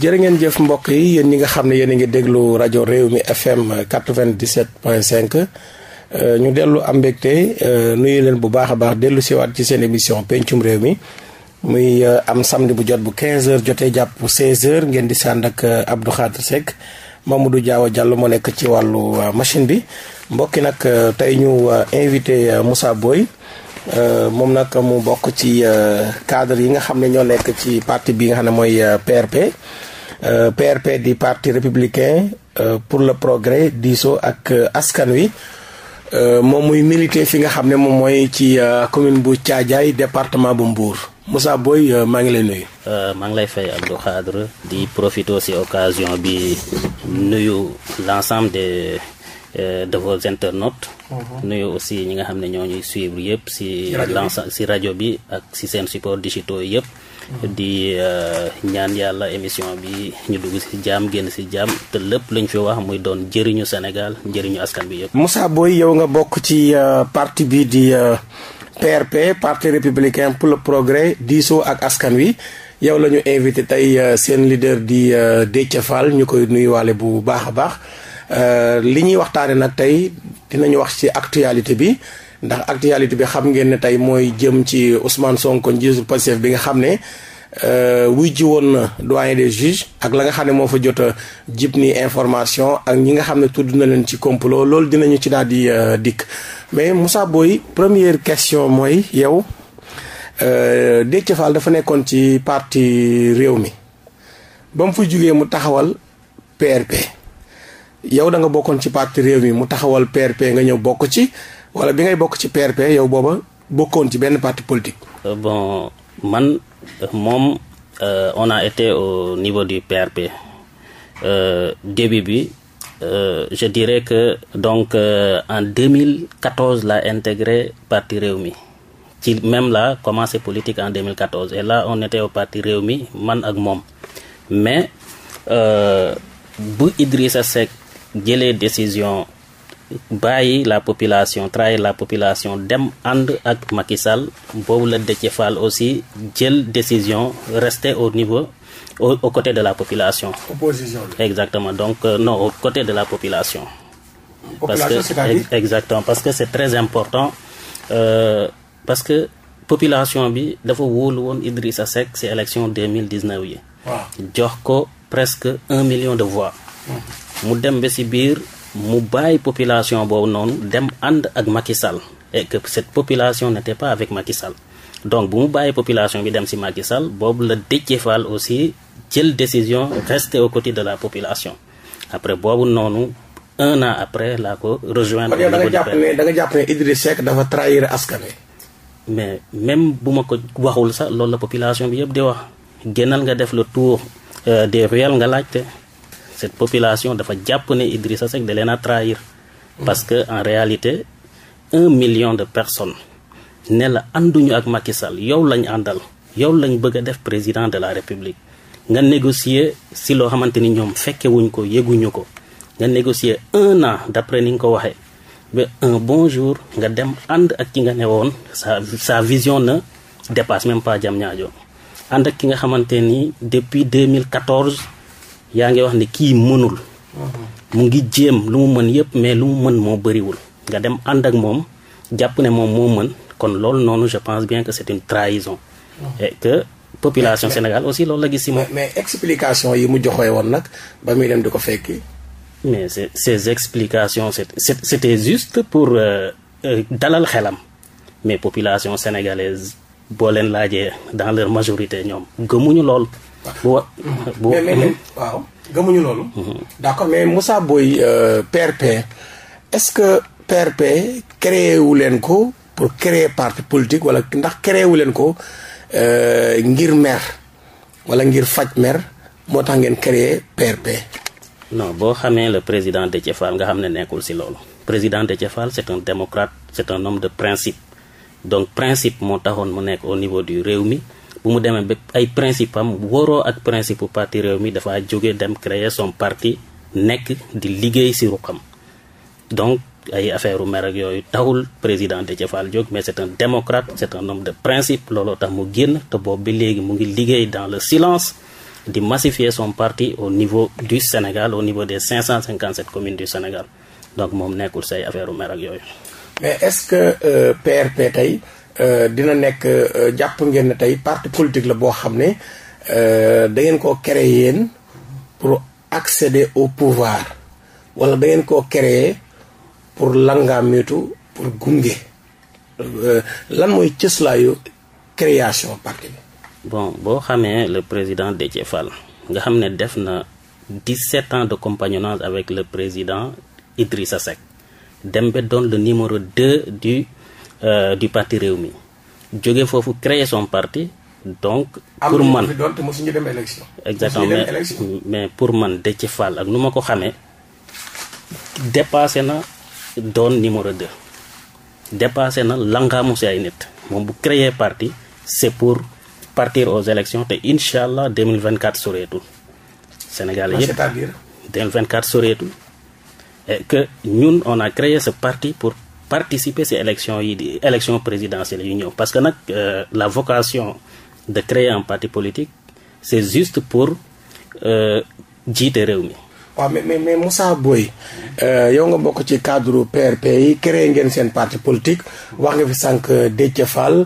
jërë ngeen jëf mbokk yi yéen ñi nga xam ne yéen a ngi déglu rajo réew mi FM 97.5 ñu dellu am mbégte euh, nuyu leen bu baax a baax dellu siwaat ci seen émission pencum réew mi muy euh, am samdi bu jot bu 15h jotee jàpp 16h ngeen di sànd ak euh, Abdou moom Seck Mamadou Diaw jàll moo nekk ci wàllu machine bi mbokki nag tey ñu invité Moussa Boye moom nag mu bokk ci cadre yi nga xam ne ñoo nekk ci partie bi nga xam ne mooy PRP. PRP euh, di parti républicain euh, pour le progrès diisoo ak euh, askan wi moom muy milité fi nga xam ne moom mooy ci commune bu Thiadiaye département bu Mbour Moussa Boye maa ngi lay nuyu. maa ngi lay fay Abdou Khadre di profiter ci occasion bi nuyu l'ensemble des de vos internautes. Mhm. nuyu aussi ñi nga xam ne ñoo ñuy suivre yëpp ci. rajo bi rajo bi ak ci seen support digitaux yëpp. di euh, ñaan yàlla émission bi ñu dugg ci jaam génn ci jaam te lépp lañ fi wax muy doon jëriñu Sénégal jëriñu askan bi yëpp. Moussa booy yow nga bokk ci euh, parti bi di PRP euh, parti républicain pour le progrès diisoo ak askan wi. yow la ñu invité tey seen leader di Déthié Fall ñu koy nuyuwaale bu baax a baax li ñuy waxtaane nag tey dinañu wax ci actualité bi ndax actualité bi xam ngeen ne tey mooy jëm ci Ousmane Sonko njiitu Pastef bi nga xam ne euh, wuy ji woon na doyen des juges ak la nga xam ne moo fa jot a jib ni information ak ñi nga xam ne tudd na leen ci complot loolu dinañu ci daal di euh, dikk mais Moussa Boye première question mooy yow euh, Déthié Fall dafa nekkoon ci parti réew mi ba mu fa jugee mu taxawal PRP yow da nga bokkoon ci parti réew mi mu taxawal PRP nga ñëw bokk ci wala bi ngay bokk ci PRP yow booba bokkoon ci benn parti politique. Euh, bon man euh, moom euh, on a été au niveau du PRP euh, début bi euh, je dirais que donc euh, en 2014 laa intégré parti réew mi ci même la commencé politique en 2014 et la on était au parti mi man ak moom mais bu Idrissa Seck jëlee décision. bàyyi la population trahir la population dem ànd ak Macky Sall boobu la Déthié Fall aussi jël décision rester au niveau au, au côté de la population. opposition exactement donc euh, non au côté de la population. population parce que exactement parce que c'est très important euh, parce que population bi dafa wóolu woon idri Seck ci élection 2019 yi. waaw jox ko presque un million de voix. mu dem ba ci biir. mu bàyyi population boobu noonu dem ànd ak Macky Sall et que cette population n'était pas avec Macky Sall donc bu mu bàyyi population bi dem si Macky Sall boobu la Déthié Fall aussi jël décision rester aux côté de la population après boobu noonu un an après laa ko rejoindre. da nga jàpp ne da nga jàpp ne Idriss Seck dafa trahir askan mais même bu ma ko waxul sax loolu la population bi yëpp di wax génnal nga def le tour euh, des ruelles nga laajte. cette population dafa jàpp ne Idrissa Seck da leen a trahir parce que en réalité un million de personne ne la ànduñu ak Macky Sall yow lañ àndal yow lañ bëgg a def président de la République nga négocier si loo xamante ni ñoom fekkewuñ ko yëguñu ko nga négocier un an d'après ni nga ko waxee ba un bon jour nga dem ànd ak ki nga ne woon sa sa vision ne dépasse même pas ànd ak ki nga xamante ni depuis yaa ngi wax ni kii mënul mhm. mu ngi jéem lu mu mën yëpp mais lu mu mën moo bëriwul nga dem ànd ak moom jàpp ne moom moo mën kon loolu noonu je pense bien que c'est une trahison mhm. que population Sénégal aussi loolu la gis si moom mais explication yi mu joxee woon nag ba muy dem di ko fekki mais ces explications c'est c'était juste pour euh, euh, dalal xelam mais population sénégalaise boo leen laajee dans leur majorité ñoom gëmuñu lool bu bu mais waaw gëmuñu loolu. Mhm. d'accord mais Moussa Boye PRP euh, est-ce que PRP créé wu leen ko pour créer parti politique wala ndax créé leen ko euh, ngir mer wala ngir faj mer moo tax ngeen créé PRP. non boo xamee la président Déthié Fall nga xam ne nekkul si loolu président Déthié Fall c'est un démocrate c'est un homme de principe donc principe moo taxoon mu nekk au niveau du réew mi. bu mu demee ba ay principe am waroo ak principe parti réew mi dafa jóge dem créer son parti nekk di liggéey si am donc ay affaire u yooyu taxul président Déthié Fall jóg mais c' est un démocrate c' est un homme de principe looloo tax mu génn te boobu bi léegi mu ngi liggéey dans le silence di massifier son parti au niveau du Sénégal au niveau des 557 commune du Sénégal donc moom nekkul say affaire u yooyu. mais est-ce que euh, Euh, dina nekk euh, jàpp ngeen ne tey parti politique la boo xam ne euh, da ngeen koo créer yéen pour accéder au pouvoir wala da ngeen koo créer pour langaameetu pour gunge lan mooy cëslaayu création parti bi. bon boo xamee le président Déthié Fall nga xam ne def na dix-sept ans de compagnonnage avec le président Idrissa Seck dem ba doon le numéro du. Euh, du parti réew mi jóge foofu créer son parti donc. pour man exactement mais mais pour man Déthié Fall ak nu ma ko xamee dépassé na doon numéro 2 dépassé na langaamu si nit moom bu créer parti c'est pour partir aux élections te incha allah 2024 soreetul Sénégal yëpp cest à et que ñun on a créé parti pour participer ces élections yi di élection présidentielle yu ñëw parce que nag euh, la vocation de créer un parti politique c'est juste pour euh, jiite réew mi. waaw mais mais mais Moussa Boye euh, yow nga bokk ci cadre PRP yi créé ngeen seen parti politique wax nga fi sànq Déthié Fall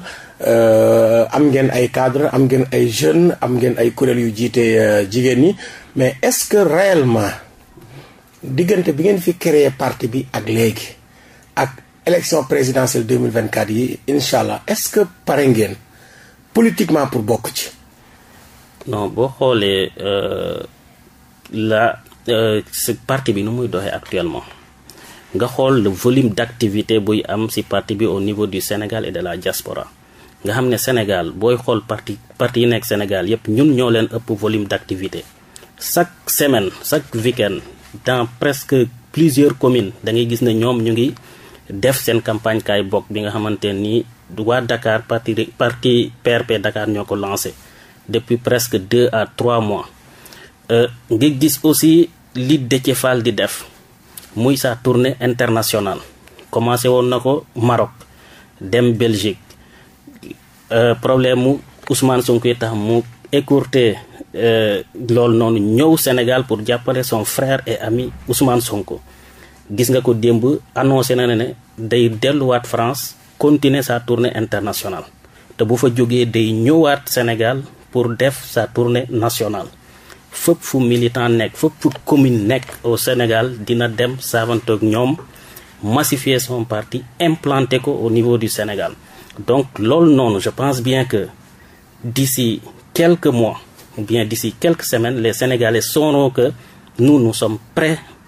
euh, am ngeen ay cadre am ngeen ay jeunes am ngeen ay kuréel yu jiite jigéen ñi mais est-ce que réellement diggante bi ngeen fi créé parti bi ak léegi ak élection présidentielle 2024 yi incha allah est-ce que pare ngeen politiquement pour bokk ci. non boo xoolee euh, la euh, si parti bi nu muy doxee actuellement nga xool le volume d'activité buy am si parti bi au niveau du Sénégal et de la diaspora nga xam ne Sénégal booy xool parti parti yu nekk Sénégal yépp ñun ñoo leen ëpp volume d'activité chaque semaine chaque week-end dans presque plusieurs communes da ngay gis ne ñoom ñu ngi. def seen campagne kaay bokk bi nga xamante ni waa Dakar parti parti PRP Dakar ñoo ko lancé depuis presque deux à trois mois euh, nga gis aussi li Déthié Fall di def muy sa tournée internationale commencé woon na ko marok dem Belgique euh, problème mu Ousmane Sonko tax mu écourté euh, loolu noonu ñëw Sénégal pour jàppale son frère et ami Ousmane Sonko gis nga ko démb annoncé na ne day delluwaat France continuer sa tournée internationale te bu fa jógee day ñëwaat Sénégal pour def sa tournée nationale fëpp fu militant nekk fépp fu commune nekk au Sénégal dina dem saavantoog ñoom massifier son parti implanter ko au niveau du Sénégal donc loolu noonu je pense bien que di si quelques mois ou bien d'ici quelques semaines les Sénégalais sauront que nous nous sommes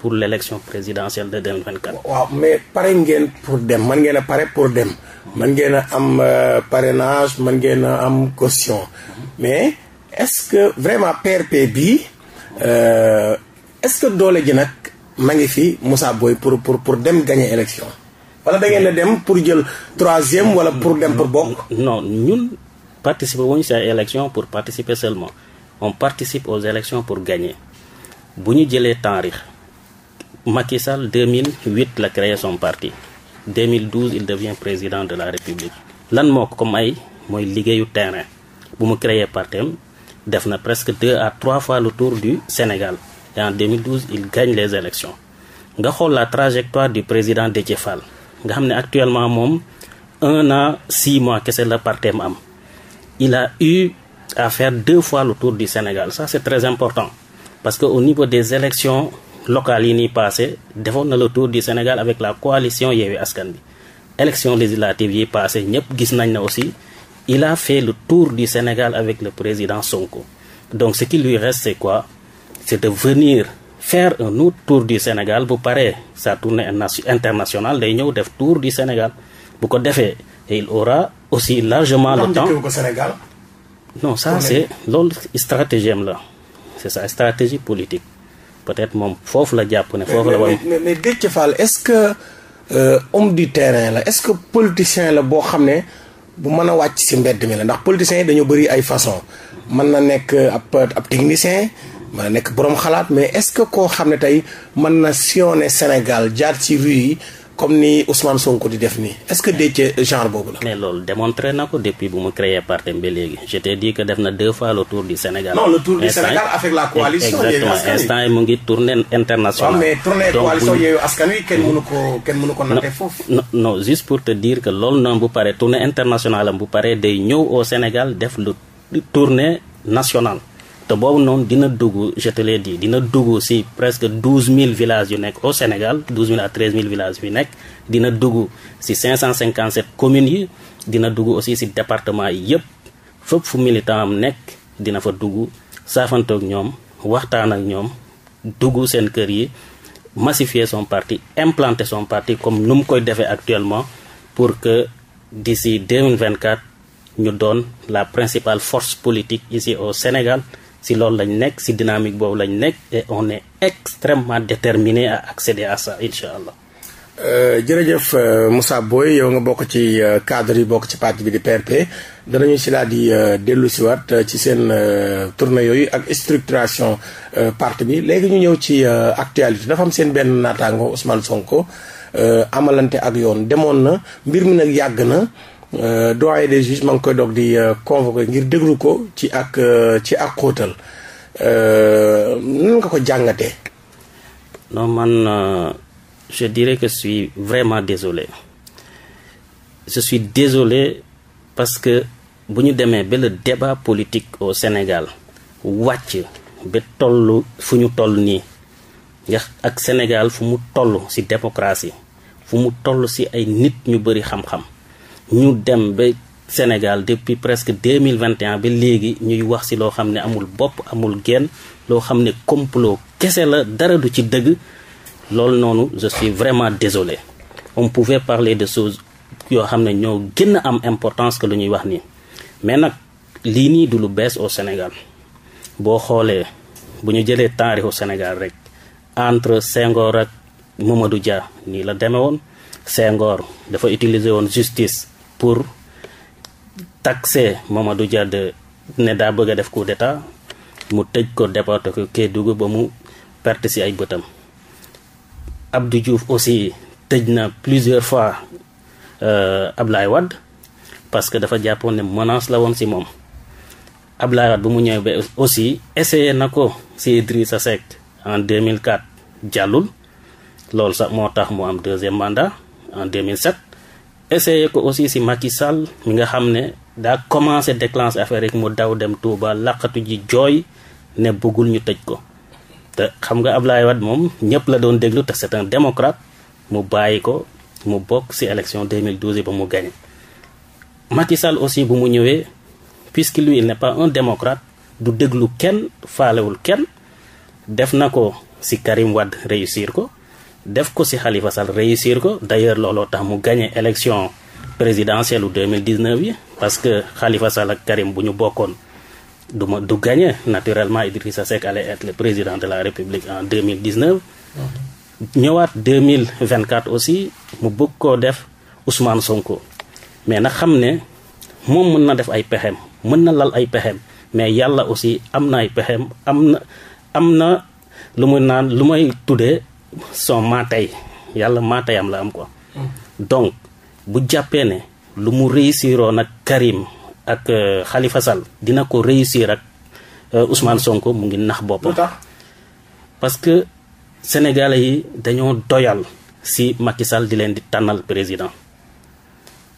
pour l' élection présidentielle de 2024. waaw mais pare ngeen pour dem man ngeen a pare pour dem man ngeen a am euh, parrainage man ngeen a am caution mais est ce que vraiment PRP bii euh, est ce que doole ji nag ma ngi fi Moussa Boye pour pour pour dem gagner élection wala da ngeen na dem pour jël troisième wala pour dem pour bokk. non ñun participer wuñu si ay élection pour participer seulement on participe aux élections pour gagner bu ñu jëlee taarix. Macky Sall 2008 la créé son parti 2012 il devient président de la République lan moo ko may mooy liggéeyu terrain bu mu créé partem def na presque deux à trois fois lu tour du Sénégal et en 2012 il gagne les élections nga xool la trajectoire du président Déthié Fall nga xam ne actuellement moom un an six mois kese la partem am il a eu à faire deux fois lu tour du Sénégal ça c'est très important parce que au niveau des élections locales yi nii passé defoon na la tour du Sénégal avec la coalition Yewwi Askan Wi élection législative yi passé ñëpp gis nañ na aussi il a fait le tour du Sénégal avec le président Sonko donc ce qui lui reste c'est quoi c'est de venir faire un autre tour du Sénégal bu paree sa tournée internationale day ñëw def tour du Sénégal bu ko defee il aura aussi largement le temps non ça c'est loolu stratégie la c'est sa stratégie politique peut-être moom foofu la jàpp ne foofu la war mais mais Déthié Fall est que euh, homme du terrain la est-ce que politicien la boo xam ne bu mën a wàcc ci mbedd mi la ndax politiciens yi dañoo bëri ay façon mën na nekk ab ab technicien mën na nekk boroom xalaat mais est-ce que koo xam ne tey mën na sillonner Sénégal jaar ci rue yi comme ni Ousmane Sonko di def nii est-ce que Déthié genre boobu la. mais loolu démontré na ko depuis bu mu créé parti ba léegi je t'ai dit que def na deux fois le tour du Sénégal. non la mu ngi tournée internationale. waaw mais tournée coalition yooyu askan wi kenn mënu ko kenn mënu foofu. non non juste pour te dire que lool noonu bu paree tournée internationale am bu paree day ñëw au Sénégal def lu tournée national te boobu noonu dina dugg je te dina dugg si presque douze mille villages yu nekk au Sénégal douze mille à treize mille villages yu nekk dina dugg si cinq cent cinquante sept communes yi dina dugg aussi si département yi yëpp fépp fu militant am nekk dina fa dugg saafantoog ñoom waxtaan ak ñoom duggu seen kër yi massifier son parti implanter son parti comme nu mu koy defee actuellement pour que d'ici 2024 ñu doon la principale force politique ici au Sénégal si loolu lañu nekk si dynamique boobu lañ nekk et on est extrêmement déterminé à accéder à ça incha allah. Euh, jërëjëf euh, Moussa Boye yow nga bokk ci euh, cadre yi bokk ci parti bi di PRP danañu si laa di dellu si ci seen tournée yooyu ak structuration parti bi léegi ñu ñëw ci actualité dafa am seen benn naataango Ousmane Sonko amalante ak yoon demoon na mbir mi nag yàgg na. Euh, doyen des juges maa ngi koy doog di euh, convoqué ngir déglu ko ci ak euh, ci ak xóotal nan nga ko jàngatee. non man je dirais que je suis vraiment désolé je suis désolé parce que bu ñu demee ba le débat politique au Sénégal wàcc ba toll fu ñu toll nii nga ak Sénégal fu mu toll ci démocratie fu mu toll ci ay nit ñu bari xam-xam. ñu dem ba Sénégal depuis presque deux mille vingt et un ba léegi ñuy wax si loo xam ne amul bopp amul genn loo xam ne complot kese la dara du ci dëgg loolu noonu je vraiment désolé on pouvait parler de choses yoo xam ne ñoo gën a am importance que lu ñuy wax nii mais nag lii nii du lu bees au Sénégal boo xoolee bu ñu jëlee taarixu Sénégal rek entre Senghor ak Mamadou Dia nii la demee woon Senghor dafa utiliser woon justice pour taxer Mamadou Dia de ne daa bëgg a def coup d'état mu tëj ko déporté ko Kédougou ba mu perte ci ay bëtam Abdou Diouf aussi tëj na plusieurs fois euh, Ablaye Wade parce que dafa jàppoon ne menace la woon ci moom Ablaye Wade bu mu ñëwee ba aussi essayé na ko ci Idrissa Seck en 2004 jàllul loolu sax moo tax mu am deuxième mandat en 2007 essayé ko aussi si Macky Sall mi nga xam ne daa commencé déclenché affaire rek mu daw dem Touba laqatu ji jooy ne bëggul ñu tëj ko te xam nga Ablaye wat moom ñëpp la doon déglu te c'est un démocrate mu bàyyi ko mu bokk si élection 2012 ba mu gagné. Macky Sall aussi bu mu ñëwee puisque lui il pas un démocrate du déglu kenn faalewul kenn def na ko si Karim Wade réussir ko. def ko ci xalifa Sall réussir ko d'ailleurs looloo tax mu gagné élection présidentielle u 2019 yi parce que Khalifa Sall ak Karim bu ñu bokkoon du ma du gagné naturellement Idrissa Seck allait être le président de la République en 2019 ñëwaat 2024 aussi mu bëgg koo def Ousmane Sonko mais na xam ne moom mën na def ay pexem mën na lal ay pexem mais yàlla aussi am na ay pexem am na am na lu muy naan lu may tuddee son maatay yàlla maatayam la am quoi. donc bu jàppee ne lu mu réussiroon ak Karim ak euh, Khalifa Sall dina ko réussir ak euh, Ousmane Sonko mu ngi nax boppam. parce que sénégalais yi dañoo doyal si Macky Sall di leen di tànnal président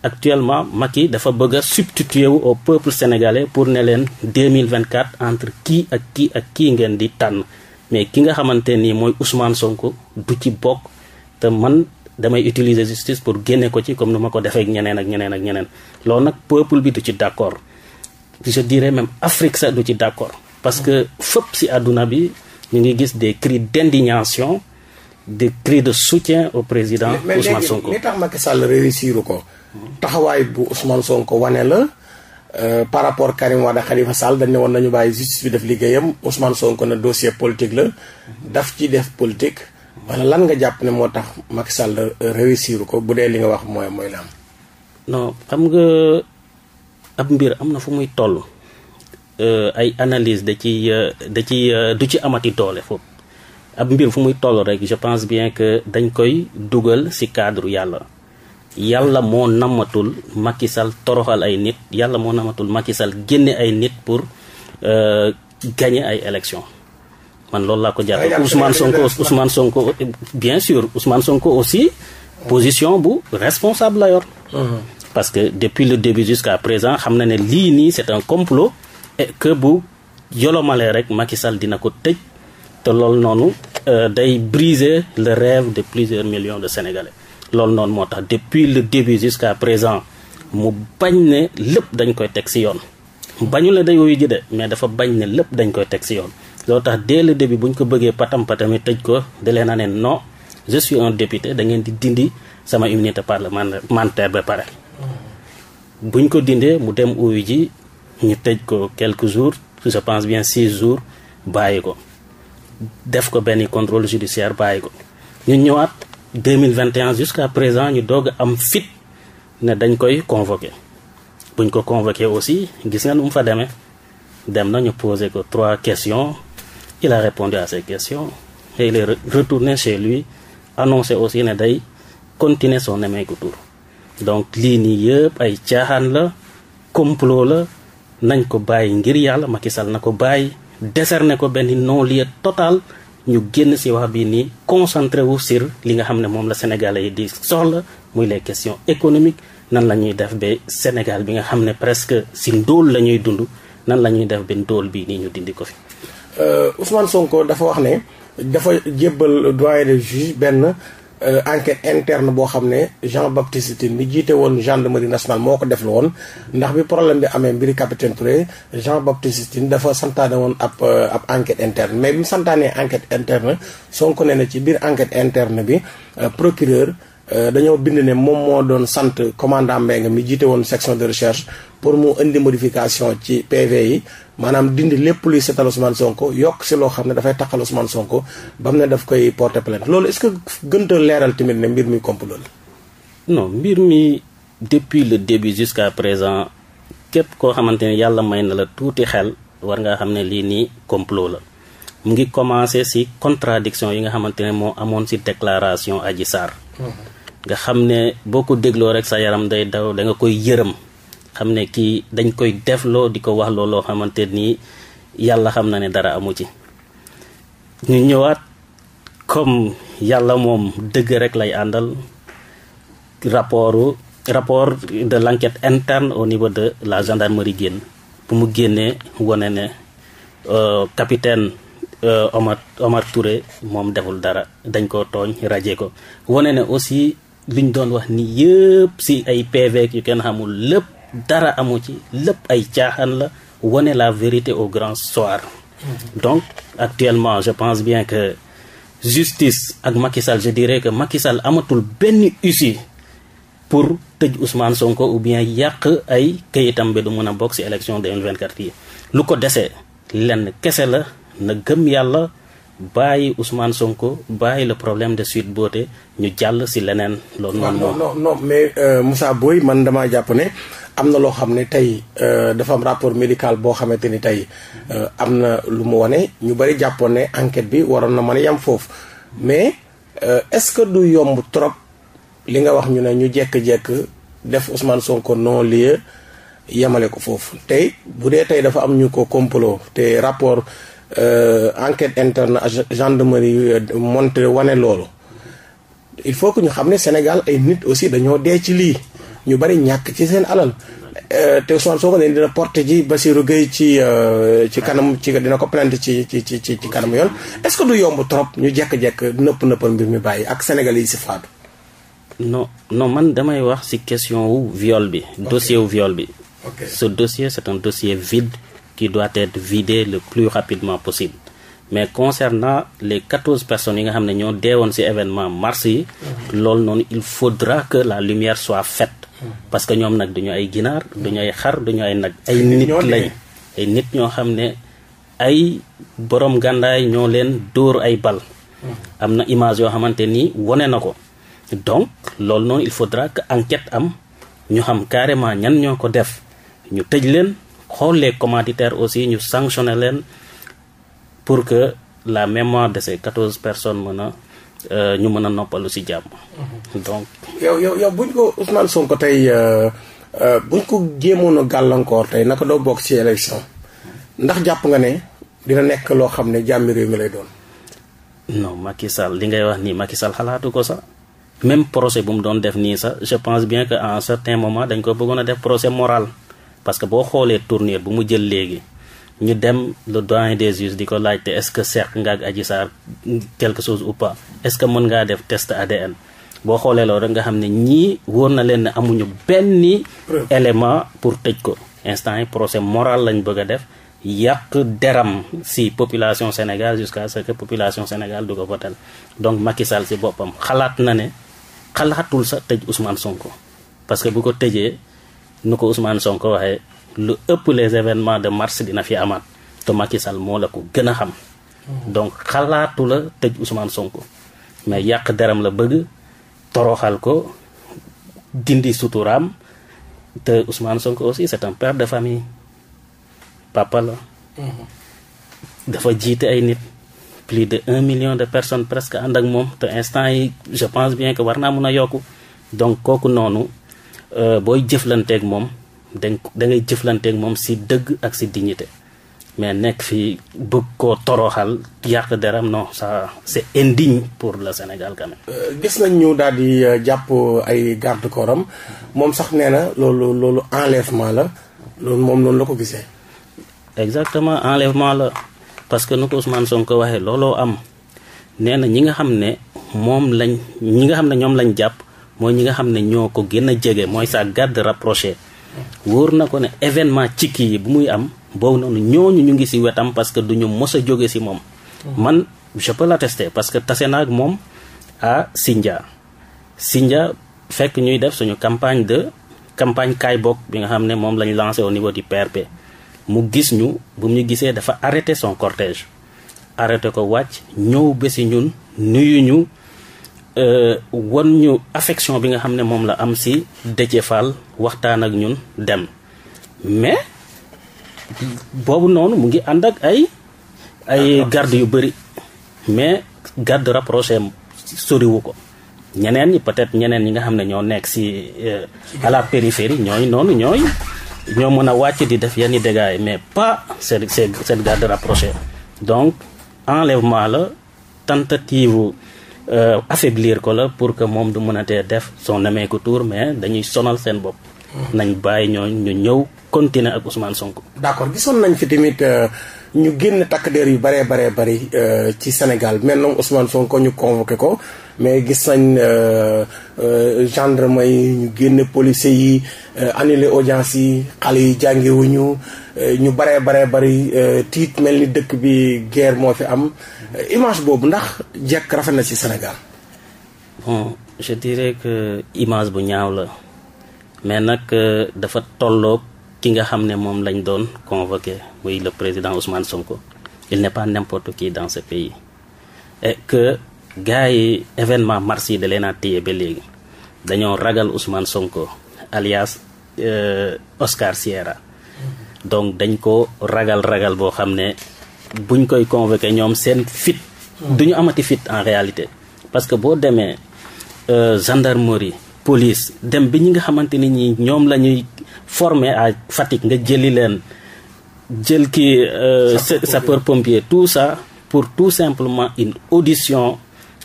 actuellement Macky dafa bëgg a wu au peuple sénégalais pour ne leen 2024 entre kii ak kii ak kii ngeen di tànn. mais ki nga xamante nii mooy Ousmane Sonko du ci bokk te man damay utiliser justice pour génne ko ci comme nu ma ko defee ak ñeneen ak ñeneen ak ñeneen loolu nag peuple bi du ci d'accord je dirais même Afrique sax du ci d'accord parce que fépp si àdduna bi ñu ngi gis des cris d'indignation des cris de soutien au président Ousmane Sonko mais léegi li tax Macky Sall réussir ko taxawaay bu Ousmane Sonko wane la Euh, par rapport Karim Wade Khalifa Sall dañ ne woon nañu bàyyi justice bi def liggéeyam Ousmane Sonko ne dossier politique la daf ci def politique wala lan nga jàpp ne moo tax Macky Sall réussir ko bu dee li nga wax mooy mooy la am. non xam nga ab mbir am na fu muy toll. Euh, ay analyse da ci euh, da ci du ci amati doole foofu ab mbir fu muy toll rek je pense bien que dañ koy dugal ci cadre yàlla. yàlla moo namatul Macky Sall toroxal ay nit yàlla moo namatul Macky Sall génne ay nit pour euh, gagner ay élections man loolu laa ko jàpp Ousmane Sonko Ousmane Sonko bien sûr Ousmane Sonko aussi position bu responsable la yor parce que depuis le début jusqu'à présent xam na ne lii nii c'est un complot que bu yolomalee rek Macky Sall dina ko tëj te loolu noonu euh, day briser le rêve de plusieurs millions de Sénégalais loolu noonu moo tax depuis le début jusqu'à présent mu bañ ne lépp dañ koy teg ci yoon bañu la day wuyu ji de mais dafa bañ ne lépp dañ koy teg ci yoon loo tax dès le début bu ko bëggee patam patami tëj ko da leen a ne non je suis un député da ngeen di dindi sama immunité parlementaire ba pare buñ ko dindee mu dem uyu ji ñu tëj ko quelques jours je pense bien six jours bàyyi ko def ko benn contrôle judiciaire bàyyi ko ñu ñëwaat deux mille vingt et un jusqu'à présent ñu doog am fit ne dañ koy convoqué buñ ko convoqué aussi gis nga nu mu fa demee dem na ñu posé ko trois questions il a répondu à ces questions et il est retourné chez lui annoncé aussi ne day continuer son nemmeeku tour donc lii nii yëpp ay caaxaan la complot la nañ ko bàyyi ngir yàlla Macky Sall na ko bàyyi décerné ko benn non-lieu total ñu génn ci wax bii nii concentré wu sur li nga xam ne moom la sénégalais yi di soxla muy les questions économique nan la ñuy def ba Sénégal bi nga xam ne presque ci ndóol la ñuy dund nan la ñuy def ba ndóol bii nii ñu dindi ko fi. Euh, Ousmane Sonko dafa wax ne dafa jébbal doyen des juges benn. Euh, enquête interne boo xam ne Jean Baptiste Tine mi jiite woon gendarmerie nationale moo ko def la woon ndax bi problème bi amee mbiri capitaine Touré Jean Baptiste dafa santaane woon ab euh, ab enquête interne mais bi mu santaanee enquête interne Sonko ne na ci biir enquête interne bi euh, procureur Euh, dañoo bind ne moom moo doon sant commandant nga mi jiite woon section de recherche pour mu indi modification ci PV yi maanaam dindi lépp luy setal Ousmane Sonko yokk si loo xam ne dafay taqal Ousmane Sonko ba mu ne daf koy porter plainte loolu est-ce que gën leeral tamit ne mbir mi complot la. non mbir mi depuis le début jusqu'à présent képp koo xamante ne yàlla may na la tuuti xel war nga xam ne lii nii complot la. mu ngi commencé si contradiction yi nga xamante ne moo amoon ci déclaration Adji nga xam ne boo ko dégloo rek sa yaram day daw da nga koy yërëm xam ne kii dañ koy defloo di ko wax looloo xamante nii yàlla xam na ne dara amu ci ñu ñëwaat comme yàlla moom dëgg rek lay àndal rapport rapport de l'enquête interne au niveau de la gendarmerie génn bu mu génnee wone ne euh, capitaine euh, Omar Omar Touré moom deful dara dañ ko tooñ rajee ko wone ne aussi liñ doon wax ni yëpp si ay PV yu kenn xamul lépp dara amu ci lépp ay caaxaan la wane la vérité au grand soir. Mhm. donc actuellement je pense bien que justice ak Macky Sall je dirais que Macky Sall amatul benn ussi pour tëj Ousmane Sonko ou bien yàq ay kayitam bi du mën a bokk ci élection 2024 yi lu ko dese lenn kese la na gëm yàlla. bàyyi Ousmane Sonko bàyyi la problème de Sweet boote ñu jàll si leneen. loolu noonu non non non mais euh, Moussa Boye man damaa jàpp ne am na loo xam ne tey euh, dafa am rapport médical boo xamante ni tey euh, am na lu mu wane ñu bëri jàppoon ne enquête bi waroon na man a foofu mais est-ce que du yomb trop li nga wax ñu ne ñu jekk-jekk def Ousmane Sonko non lieu yemale ko foofu tey bu dee tey dafa am ñu ko complot te rapport. Euh, enquête interne gendarmerie euh, montre wane loolu il faut que ñu xam ne Sénégal ay nit aussi dañoo dee ci lii ñu bari ñàkk ci seen alal euh, te Ousmane Sonko ne dina porte ji Bassirou Gueye ci ci kanam ci dina ko plainte ci ci ci ci kanam yoon est-ce que du yomb trop ñu jekk-jekk nëpp nëppal mbir mi bàyyi ak sénégal yi si faatu no non man damay wax si question wu viol bi dossier wu viol bi ce dossier c'est dossier vide qui doit être vidé le plus rapidement possible mais concernant les quatorze personnes yi nga xam ne ñoo deewoon ci événement mars yi lool noonu il faudra que la lumière soit faite parce que ñoom nag duñu ay ginaar duñu ay xar duñu ay nag ay nit lañ ay nit ñoo xam ne ay borom gàndaay ñoo leen dóor ay bal am na image yoo xamante nii wone na ko donc loolu noonu il faudra que enquête am ñu xam carrément ñan ñoo ko def ñu tëj leen xool les commanditaires aussi ñu sanctionné leen pour que la mémoire de ces quatorze personnes mën a euh, ñu mën a noppalu ci jàmm. Mhm. donc yow yow yow ko Ousmane tey euh, euh, buñ ko jéemoon a gàllankoor tey naka doo bokk ci élection ndax jàpp nga ne dina nekk loo xam ne jàmmi réew mi lay doon. non Macky Sall li ngay wax nii Macky Sall xalaatu ko sax même procès bu mu doon def nii sax je pense bien que à un certain moment dañ ko bëggoon def procès moral. parce que boo xoolee tournure bu mu jël léegi ñu dem le doyen des juges di ko laajte est ce que seq nga ak Adji Sarr quelque chose ou pas est ce que mën ngaa def test ADN boo xoolee loolu rek nga xam ne ñii wóor na leen ne amuñu benn élément pour tëj ko instant yi procès moral lañ bëgg a def yàq deram si population Sénégal jusqu'à ce que population Sénégal du ko votel donc Macky Sall si boppam xalaat na ne xalaatul sa tëj Ousmane Sonko parce que bu ko tëjee nu ko Ousmane Sonko waxee lu ëpp les événement de mars dina fi amaat te Macky Sall moo la ko gën a xam. donc xalaatu la tëj Ousmane Sonko. mais yàq deram la bëgg toroxal ko dindi suturaam te Ousmane Sonko aussi c'est un père de famille papa la. dafa jiite ay nit. plus de un million de personnes presque ànd ak moom te instant yi je pense bien que war naa mun a yokku donc kooku noonu Euh, booy jëflanteeg moom da dangay jëflanteeg moom si dëgg ak si dignité mais nekk fi bëgg ko toroxal yàq deram non sa c'est indigne pour le Sénégal quand même. Euh, gis nañ ñu daal di euh, jàpp ay garde corps am moom sax nee na loolu loolu enlèvement la loolu moom loolu la ko gisee. exactement enlèvement la parce que nu ko Ousmane Sonko waxee looloo am nee na ñi nga xam ne moom lañ ñi nga xam ne ñoom lañ jàpp. mooy ñi nga xam ne ñoo ko génn a jege mooy sa garde rapprochée wóor na ko ne événement cikki yi bu muy am boobu noonu ñooñu ñu ngi si wetam parce que du ñu mos a jóge si moom man je peux l'attester parce que tase naa ak moom à Sindia Sindia fekk ñuy def suñu campagne de campagne kaay bokk bi nga xam ne moom lañ lancé au niveau du PRP mu gis ñu bu mu gisee dafa arrêté son cortége arrêté ko wàcc ñëw ba si ñun nuyu ñu Euh, wan ñu affection bi nga xam ne moom la am si Déthié Fall waxtaan ak ñun dem mais boobu noonu mu ngi ànd ak ay ay garde yu bëri mais garde rapproché soriwu ko ñeneen ñi peut-être ñeneen ñi nga xam ne ñoo nekk si euh, à la périphérie ñooy noonu ñooy ñoo mën a wàcc di def yenn dégâts yi mais pas cette cette garde rapproché donc enlèvement la tentative Euh, affaiblir ko la pour que moom du mën a tee def son amee ko tour mais dañuy sonal seen bopp. nañ bàyyi ñoo ñu ñëw continuer ak Ousmane Sonko. d'accord gisoon nañ fi tamit euh, ñu génn takk der yu bëree baree bëri euh, ci Sénégal mel na Ousmane Sonko ñu convoqué ko mais gis nañ gendarme yi ñu génn policiers yi annulé audience yi xale yi jàngiwuñu ñu bëree baree bëri tiit mel ni dëkk bi guerre moo fi am. image boobu ndax jekk rafet na ci Sénégal. bon je dirais que image bu ñaaw la mais nag euh, dafa tolloog ki nga xam ne moom lañ doon convoqué muy le président Ousmane Sonko. il n'est pas n'importe qui dans ce pays et que gars yi événement mars yi da leen a téye ba léegi dañoo ragal Ousmane Sonko alias euh, Oscar Sierra mm-hmm. donc dañ ko ragal ragal boo xam ne. buñ koy convoqué ñoom seen fit hmm. du ñu amati fit en réalité parce que boo demee euh, gendarmerie police dem bi ñi nga xamante ni ñi ñoom lañuy formé former à Fatick nga jëli leen jël ki euh, sapeur pompier tout ça pour tout simplement une audition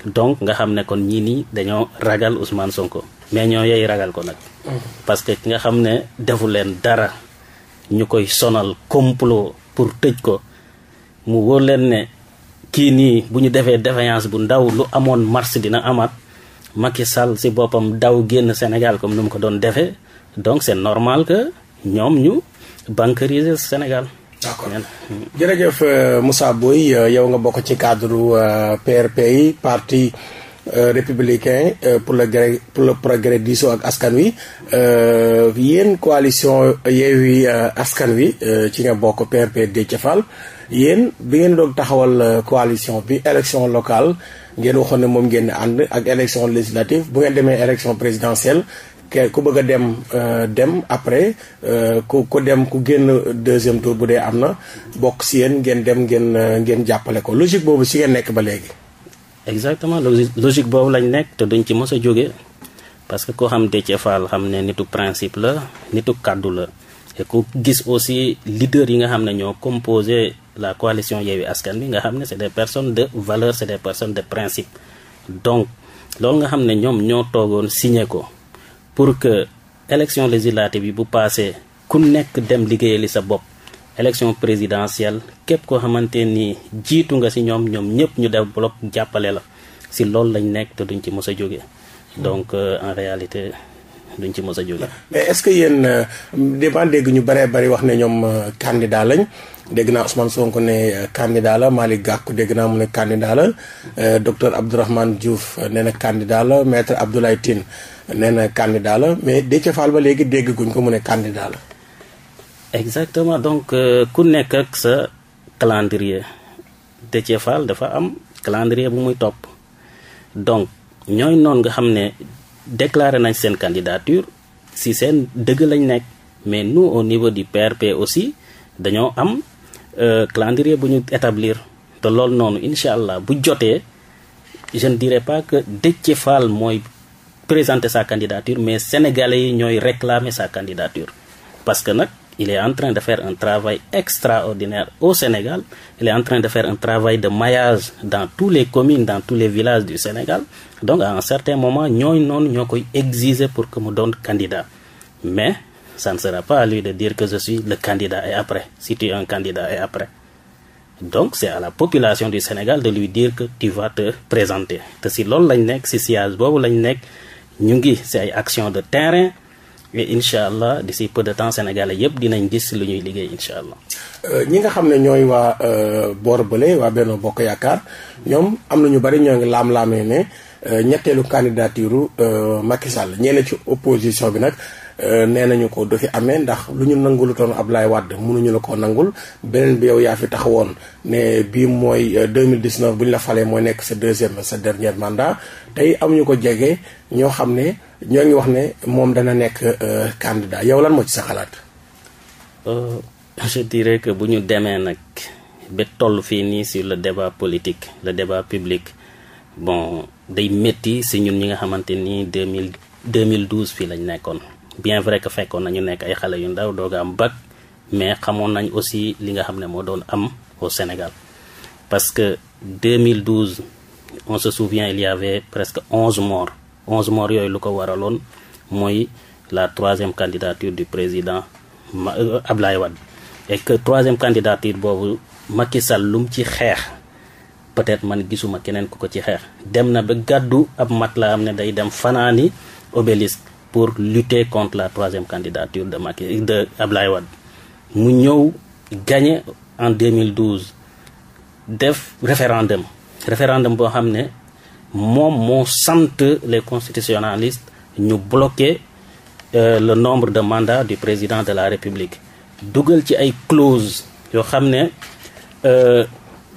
donc nga xam ne kon ñii nii dañoo ragal Ousmane Sonko mais ñoo yey ragal ko nag hmm. parce nga xam ne defu leen dara ñu koy sonal complot pour tëj ko mu wóor leen ne kii nii bu ñu defee défaillance bu ndaw lu amoon mars dina amaat Macky Sall si boppam daw génn Sénégal comme ni mu ko doon defee donc c'est normal que ñoom ñu bancariser Sénégal. d'accord jërëjëf euh, mussa booy euh, yow nga bokk ci cadre PRP euh, yi parti républicain pour le gré pour le progrès diisoo ak askan wi yéen coalition Yewwi askan wi ci nga bokk PRP Déthié yéen bi ngeen doog taxawal euh, coalition bi élection locale ngeen waxoon ne moom ngeen ànd ak élection législative bu ngeen demee élection présidentielle ke ku bëgg a dem euh, dem après euh, ku ku dem ku génn deuxième tour bu dee am na bokk si yéen ngeen dem ngeen ngeen jàppale ko logique boobu si ngeen nekk ba léegi. exactement logique boobu lañ nekk te duñ ci mos a jóge parce que koo xam Déthié Fall xam ne nitu principe la nitu kàddu la et ku gis aussi leader yi nga xam ne ñoo composé la coalition Yewwi Askan bi nga xam ne c'est des personnes de valeur c'est des personnes de principe donc loolu nga xam ne ñoom ñoo toogoon signé ko pour que élection législative bi bu paasee ku nekk dem liggéeyali sa bopp élection présidentielle képp koo xamante ni jiitu nga ci ñoom ñoom ñëpp ñu def bloc jàppale la si loolu lañ nekk te duñ ci mës a jóge donc euh, en réalité duñ ci mos a jóge mais est-ce que yéen euh, dément dégg ñu baree bari wax ne ñoom euh, candidat lañ dégg naa Ousmane Sonko ne euh, candidat la Malick Gakou dégg naa mu ne candidat la euh, docteur Abdourahmane Diouf euh, nee na candidat la maître Abdoulaye Tine nee na candidat la mais Déthié Fall ba léegi dégg guñ ko mu ne candidat la. exactement donc ku nekk ak sa calendrier Déthié Fall dafa am calendrier bu muy topp donc ñooy noonu nga xam ne déclaré nañ seen candidature si seen dëgg lañ nekk mais nous au niveau du PRP aussi dañoo am Euh, calendrier bu ñu établir te loolu noonu incha allah bu jotee je ne dirais pas que ci Fall mooy présente sa candidature mais sénégalais yi ñooy réclamer sa candidature parce que nag il est en train de fair un travail extraordinaire au Sénégal il est en train de faire un travail de maillage dans tous les communes dans tous les villages du Sénégal donc à un certain moment ñooy noonu ñoo koy exiger pour que mu doon candidat mais Ça ne sera pas à lui de dire que je suis le candidat et après, si tu es un candidat et après. donc c'est à la population du Sénégal de lui dire que tu vas te présenter te si loolu lañ nekk si siège boobu lañu nekk ñu ngi si ay action de terrain mais incha allah d'ici peu de temps sénégalais yëpp dinañ gis lu ñuy liggéey incha allah. Euh, ñi nga xam ne ñooy waa euh, boor bële waa Benno Bokk Yaakaar ñoom am na ñu bari ñoo ngi laam-laamee ne euh, ñetteelu candidature Macky Sall ñeneen ci opposition bi nag. Euh, nee nañu ko du fi amee ndax lu ñu nangulutoon Ablaye wàdd mënuñu la ko nangul beneen bi yow yaa fi woon ne bii mooy 2019 euh, bu ñu la falee mooy nekk sa deuxième sa dernier mandat tey amuñu ko jege ñoo xam ne ñoo ngi wax ne moom dana nekk euh, candidat yow lan moo ci sa xalaat. je dirais que bu ñu demee nag ba toll fii nii sur le débat politique le débat public bon day métti si ñun ñi nga xamante ni deux mille deux mille douze fii lañ nekkoon. bien vrai que fekkoon nañu nekk ay xale yu ndaw doog a am bag mais xamoon nañ aussi li nga xam ne moo doon am au Sénégal parce que 2012 on se souvient il y avait presque onze morts onze morts yooyu lu ko waraloon mooy la troisième candidature du président euh, Ablaye Wade et que troisième candidature boobu Macky Sall lu ci xeex peut-être man gisuma keneen ku ko ci xeex dem na ba gàddu ab mat laa am ne day dem fanaani obélisque pour lutter contre la troisième candidature de Macky de Ablaye Wade mu ñëw gagné en 2012 def référendum référendum boo xam ne moom moo sant les constitutionnalistes ñu bloqué euh, le nombre de mandats du président de la République dogal ci ay clauses yoo xam ne euh,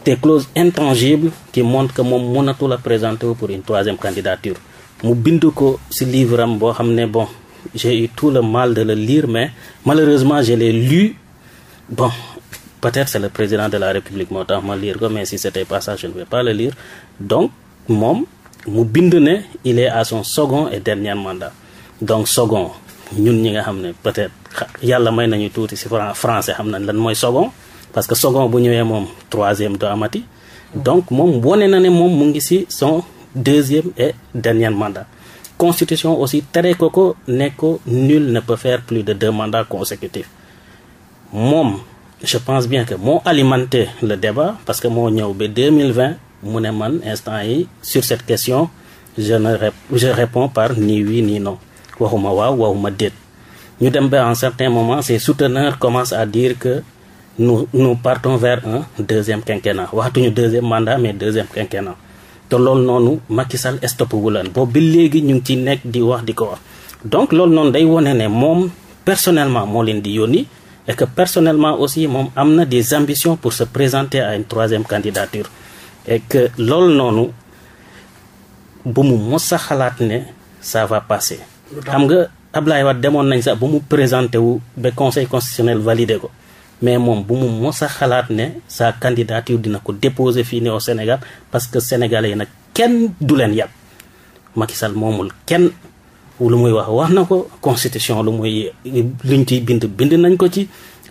des clauses intangibles qui montrent que moom mënatul a présenté pour une troisième candidature mu bind ko ci livre am boo xam ne bon j'ai eu tout le mal de le lire mais malheureusement je l'ai lu bon peut-être c'est le président de la république moo tax ma lire ko mais si c'était pas ça je ne vais pas donc moom mu bind ne il est à son second et dernier mandat donc second ñun ñi nga xam ne peut-être yàlla may nañu tuuti ci français xam nañ lan mooy second parce que second bu ñëwee moom troisième do amati donc moom wone na ne moom mu ngi ci son deuxième et dernier mandat constitution aussi tere ko ko ne ko nul ne peut faire plus de deux mandats consécutifs moom je pense bien que moo alimenté le débat parce que moo ñëw ba 2020 mu ne man instant yi sur cette question je ne je réponds par ni oui ni non waxuma waaw waxuma déet ñu dem ba en certain moment ces souteneurs commencent à dire que nous nous partons vers un deuxième quinquennat waxtuñu deuxième mandat mais deuxième quinquennat te loolu noonu Macky Sall stoppé wu leen boobu ba léegi ñu ngi ci nekk di wax di ko wax donc loolu noonu day wane ne moom personnellement moo leen di yónni et que personnellement aussi moom am na des ambitions pour sa présenter à une troisième candidature et que loolu noonu bu mu mos a xalaat ne ça va passer xam nga Ablaye Wade demoon nañ sax bu mu présenté wu ba conseil constitutionnel validé ko mais moom bu mu mos a xalaat ne sa candidature dina ko déposer fii ne au Sénégal parce que sénégal yi nag kenn du leen yàpp Macky Sall moomul kenn lu muy wax wax na ko constitution lu muy luñ ciy bind bind nañ ko ci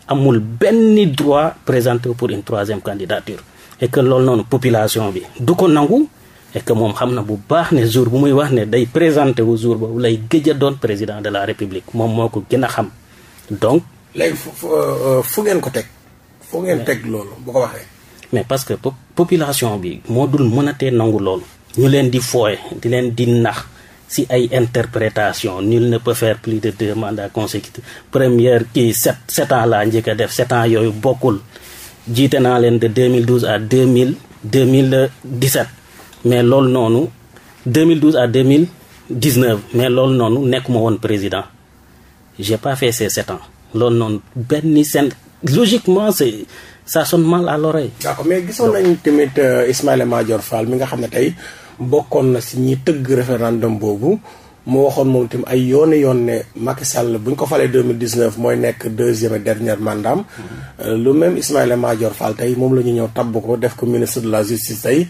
amul benn droit présenté pour une troisième candidature et que loolu noonu population bi du ko nangu et moom xam na bu baax ne jour bu muy wax ne day présenté wu jour boobu lay gëj a doon président de la république moom moo ko gën a xam donc léegi euh, fu ngeen ko teg fu ngeen teg loolu boo ko waxee. mais parce que population bi moo dul mënatee nangu loolu. ñu leen di fooye di leen di nax si ay interprétation nul ne peut faire plus de deux mandats consécutifs première kii sept sept ans laa njëkk a def sept ans yooyu bokkul jiite naa leen de 2012 à 2000 2017 mais loolu noonu 2012 à 2019 mais loolu noonu nekkuma woon président j'ai pas fait ces sept ans. lool noonu benn seen logiquement c'est ça sonne mal à l'oreille. d'accord mais gisoon nañu tamit euh, Ismaïla Madior Fall mi nga xam ne tey bokkoon na si ñi tëgg référendum boobu. mu waxoon moom itam ay yooni yoon ne Macky Sall bu ñu ko falee 2019 mooy nekk deuxième et dernier mandat euh, lu même Ismaïla Madior Fall tey moom la ñu ñëw tabb ko def ko ministre de la justice tey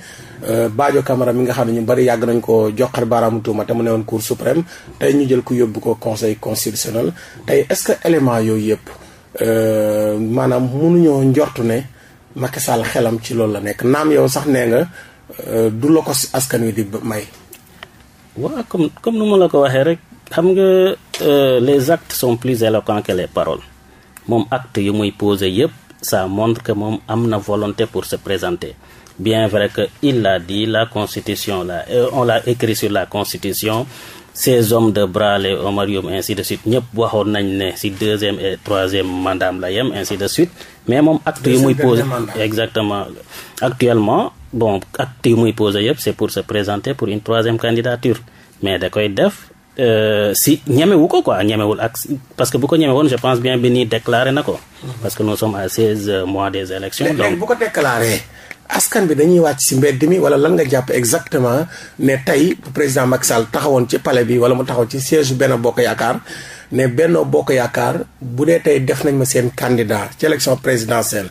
euh, baajo Camara mi nga xam ne ñu bari yàgg nañ ko joxar baaraamu tuuma te mu newoon cour suprême tey ñu jël ko yóbbu ko conseil constitutionnel tey est-ce que élément yooyu yëpp euh, maanaam mënuñoo njortu ne Macky xelam ci loolu la nekk naam yow sax nee nga du la ko askan wi di may waaw comme comme nu ma la ko waxee rek xam nga euh, les actes son plus éloquents que les paroles moom acte yu muy posé yëpp ça montre que moom am na volonté pour se présenter bien vrai que il l'a dit la constitution là euh, on l'a écrit sur la constitution ces hommes de brale les Omar Youm ainsi de suite ñëpp waxoon nañ ne si deuxième et troisième mandat la yem ainsi de suite mais moom acte yu muy posé exactement actuellement bon acte yu muy posé yëpp c'est pour se présenter pour une troisième candidature mais da koy def Euh, si ñemewu ko ko ñemewul ak parce que bu ko ñemewoon je pense bien bi nii déclaré na ko. parce que nous sommes à seize euh, mois des élections donc bu ko déclaré askan bi dañuy wàcc si mbedd mi wala lan nga jàpp exactement ne tey président Macky Sall taxawoon ci pale bi wala mu taxaw ci siège benn Bokk Yaakaar ne Benno Bokk Yaakaar bu dee tey def nañ ma seen candidat ci élection présidentielle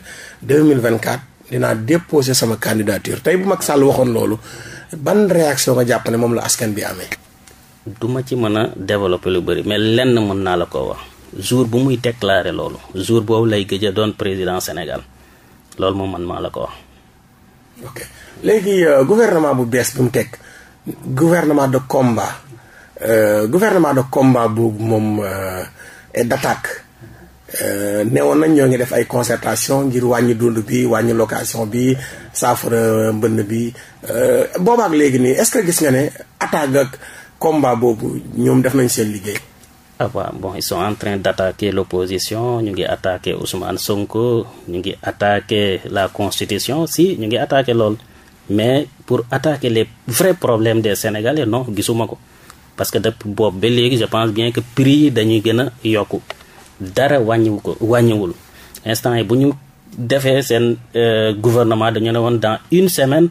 mille vingt-quatre dinaa déposer sama candidature tey bu mag Sall waxoon loolu ban réaction nga jàpp ne moom la askan bi amee. du ma ci mën a développer lu bëri mais lenn mën naa la ko wax jour bu muy déclarer loolu jour boobu lay gëj a doon président Sénégal loolu moom man maa la ko wax. léegi euh, gouvernement bu bees bu mu teg gouvernement de combat euh, gouvernement de combat boobu moom et euh, d'attaque. Euh, newoon nañ ñoo ngi def ay concertation ngir wàññi dund bi wàññi location bi saafara mbënn bi euh, boobaak léegi nii est-ce que gis nga ne attaque ak combat boobu ñoom def nañ seen liggéey. ah waaw bon ils sont en train d'attaquer l'opposition ñu ngi attaquer Ousmane Sonko ñu ngi attaquer la constitution si ñu ngi attaquer lool mais pour attaquer les vrais problème des Sénégalais non gisuma ko parce que depuis boob ba léegi je pense bien que prix yi dañuy gën a yokku. dara wàññiwu ko wàññiwul instant yi bu ñu defee seen euh, gouvernement dañu ne woon dans une semaine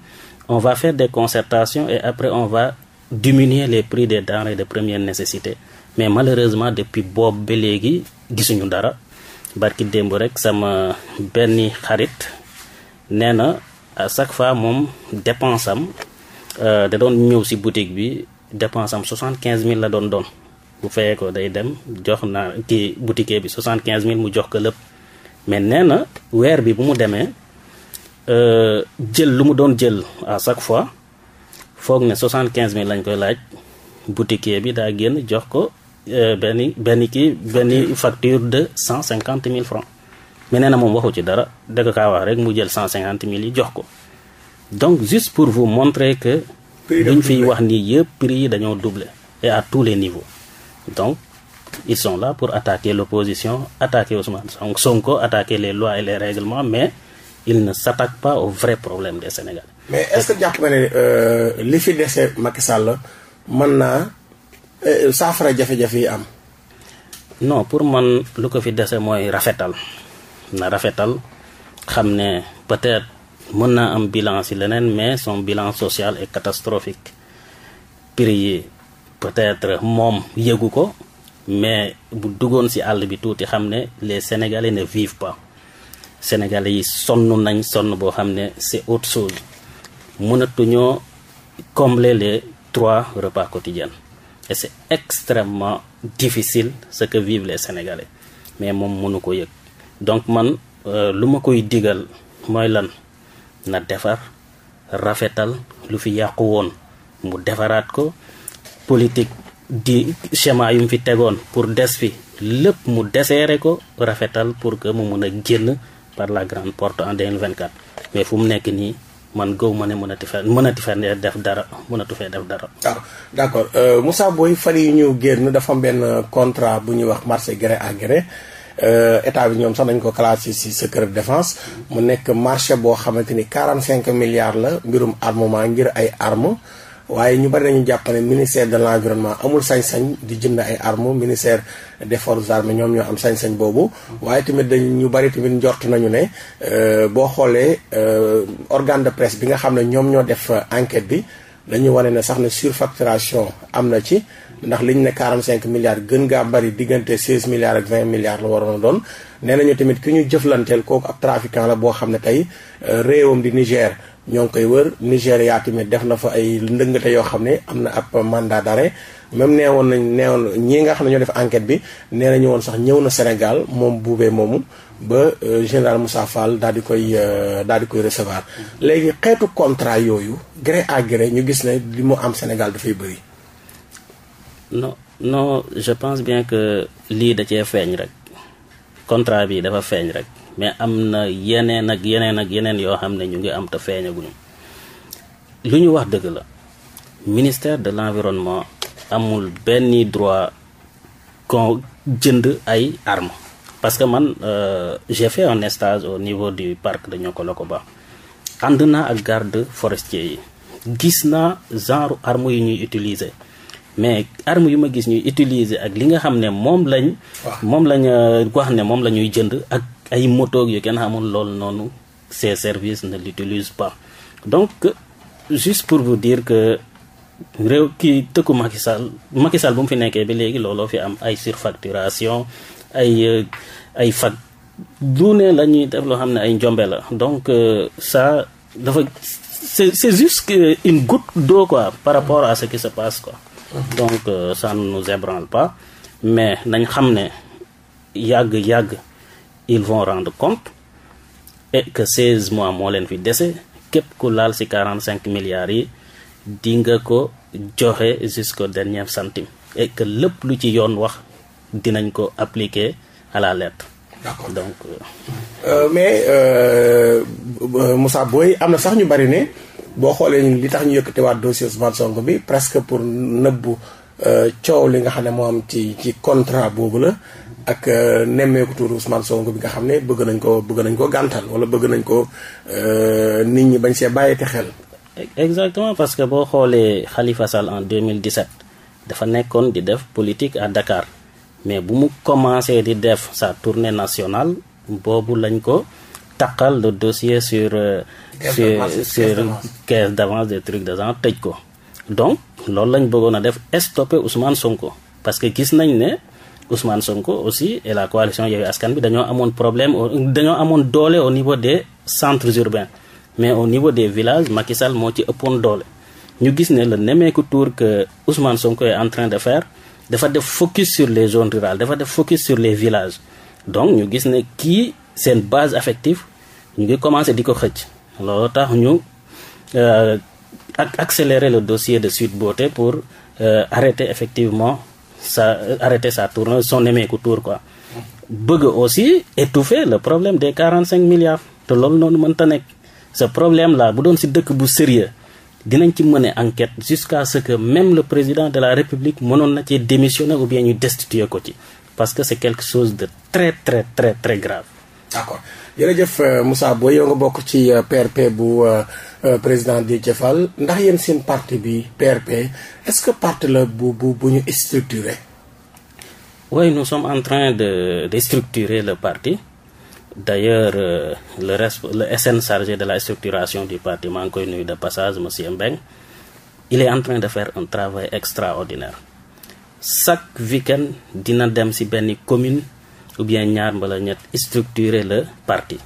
on va faire des consertation et après on va diminuer les prix des denrées de première nécessité mais malheureusement depuis boobu ba léegi gisuñu dara barki démb rek sama benn xarit nee na à chaque fois moom dépense am euh, da doon ñëw si boutique bi dépense am soixante quinze mille la doon doon bu fayee ko day dem jox naa kii boutique bi soixante quinze mille mu jox ko lépp mais nee na weer bi bu mu demee euh, jël lu mu doon jël à chaque fois foog ne soixante quinze mille lañ koy laaj boutique bi daa génn jox ko euh, benn benn kii benn facture de cent cinquante mille francs mais nee na moom waxu ci dara dëgg kaa wax rek mu jël cent cinquante mille yi jox ko donc juste pour vous montrer que luñ fiy wax nii yëpp prix yi dañoo duble et à tous les niveaux donc ils sont la pour attaquer l'opposition attaquer Ousmane Sonko attaquer les lois et les règlements mais ils ne s'attaquent pas aux vrais problèmes des sénégal mais est-ce que jàpp nga euh, li fi dese Macky Sall mën naa euh, saafara jafe-jafe yi am. non pour man lu ko fi dese mooy rafetal na rafetal xam ne peut-être mën naa am bilan si leneen mais son bilan social et catastrophique prix yi peut-être moom yëgu ko mais bu duggoon ci àll bi tuuti xam ne les sénégalais ne vivent pas sénégalais yi sonn nañ sonn boo xam ne c'est autre chose mënatuñoo combler les trois repas quotidiens et c'est extrêmement difficile ce que vivent les sénégalais mais moom mënu ko yëg donc man euh, lu ma koy digal mooy lan na defar rafetal lu fi yàqu woon mu defaraat ko politique di schéma yu mu fi tegoon pour des fi lépp mu deseere ko rafetal pour que mu mun a génn par la grande porte en 2024 mais fu mu nekk nii man gëw ma ne mënatu fee mënatu fee def dara mënatu fee def dara. waaw ah, d' accord euh, Moussa Boye fan yi ñu génn dafa am benn contrat bu ñuy wax marché gré à gré euh, état bi ñoom sax nañ ko classé ci secret défense mu nekk marché boo xamante ni 45 milliards la mbirum armement ngir ay armes. waaye ñu bari dañu jàpp ne ministère de l'environnement amul sañ-sañ di jënd ay armes ministère des forces armées ñoom ñoo am sañ-sañ boobu. waaye tamit dañ ñu bari tamit njort nañu ne euh, boo xoolee euh, organe de presse bi nga xam ne ñoom ñoo def euh, enquête bi dañu wane ne sax ne surfacturation am na ci. ndax liñ ne 45 milliards gën ngaa bari diggante 16 milliards ak 20 milliards la waroon a doon nee nañu tamit ki ñu jëflanteel kooku ab trafiquant la boo xam ne tey réewam di Niger. ñoo ngi koy wër Nigéria tamit def na fa ay ndëngate yoo xam ne am na ab mandat d'arrêt même nee woon nañ nee woon nga xam ne ñoo def enquête bi nee nañu woon sax ñëw na Sénégal moom buubee moomu ba euh, général Moussa Fall daal di koy euh, daal di koy recevoir. léegi xeetu contrat yooyu gré à gré ñu gis ne li mu am Sénégal dafay bëri. no non je pense bien que lii da cee feeñ rek contrat bi dafa feeñ rek. mais am na yeneen ak yeneen ak yeneen yoo xam ne ñu ngi am te feeñaguñu lu ñu wax dëgg la ministère de l'environnement amul benn droit kon jënd ay armes parce que man euh, j'ai fait un au niveau du parc de Niokolo-Koba ànd naa ak garde forestier yi gis naa genre arme yu ñuy utiliser mais arme yu ma gis ñuy utiliser ak li nga xam ne moom lañ moom lañ euh, wax ne moom la ñuy jënd ak ay moto yu kenn xamul lool noonu ces service ne l'utilisent pas donc juste pour vous dire que réew ki tëkku Macky Sall Macky Sall bu mu fi nekkee ba léegi looloo fi am ay surfacturation ay euh, ay fac lu ne la ñuy def xam ne ay njombe la donc euh, ça dafa c'est c'est juste une goutte doo ko par rapport à ce qui se passe quoi donc euh, ça ne nous ébranle pas mais nañ xam ne yàgg-yàgg ils von rendre compte et que 16 mois moo leen fi dese képp ku laal ci cinq milliards yi di nga ko joxe jusqu'au dernier centime ek que lépp lu ci yoon wax dinañ ko appliquer à donc. Euh, euh, mais euh, Moussa Boye am na sax ñu bari ne boo xoolee li tax ñu yëkkatewaat dossier Ousmane song bi presque pour nëbbu euh, coow li nga xam ne moo am ci ci contrat boobu la. ak euh, nemmeeku tuuru Ousmane Sonko bi nga xam ne bëgg nañ ko bëgg nañ ko gàntal wala bëgg nañ ko euh, nit ñi bañ see bàyyi te xel. exactement parce que boo xoolee xalifa Sall en 2017 dafa nekkoon di def politique à Dakar mais bu mu commencé di def sa tournée nationale boobu lañ ko taqal le dossier sur euh, sur sur caisse d'avance des trucs de genre tëj ko donc loolu lañ bëggoon a def stopper Ousmane Sonko parce que gis nañ ne. Ousmane Sonko aussi et la coalition Yewwi Askan bi dañoo amoon problème dañoo amoon doole au niveau des centres urbains mais au niveau des villages Macky Sall moo ci ëppoon doole ñu gis ne le nemmeeku tour que Ousmane Sonko est en train de faire dafa def focus sur les zones rurales dafa def focus sur les villages donc ñu gis ne kii seen base affective ñu ngi commencé di ko xëcc loolu tax ñu euh, ak accélérer le dossier de Sweet Beauté pour euh, arrêter effectivement sa arrêter sa tournée son éméku-tour quoi bëgg aussi étouffer le problème des quarante cinq milliards te loolu noonu mënta nekk sa problème la bu doon si dëkk bu sérieux dinañ ci mener enquête jusqu'à ce que même le président de la république mënoon na ci démissionner ou bien ñu destituer ko ci parce que c'est quelque chose de très très très très grave d'accord jërëjëf euh, Moussa Boye yow nga bokk ci PRP euh, bu euh, président Déthié Fall ndax yéen seen parti bi PRP est-ce que parti la bu bu bu ñu structuré. oui nous sommes en train de de structurer le parti d'ailleurs euh, le resp le SN chargé de la structuration du parti maa ngi koy nuyu de passage monsieur Mbeng il est en train de faire un travail extraordinaire chaque week dina dem ci benn commune. ou bien ñaar mbala ñett structurer le parti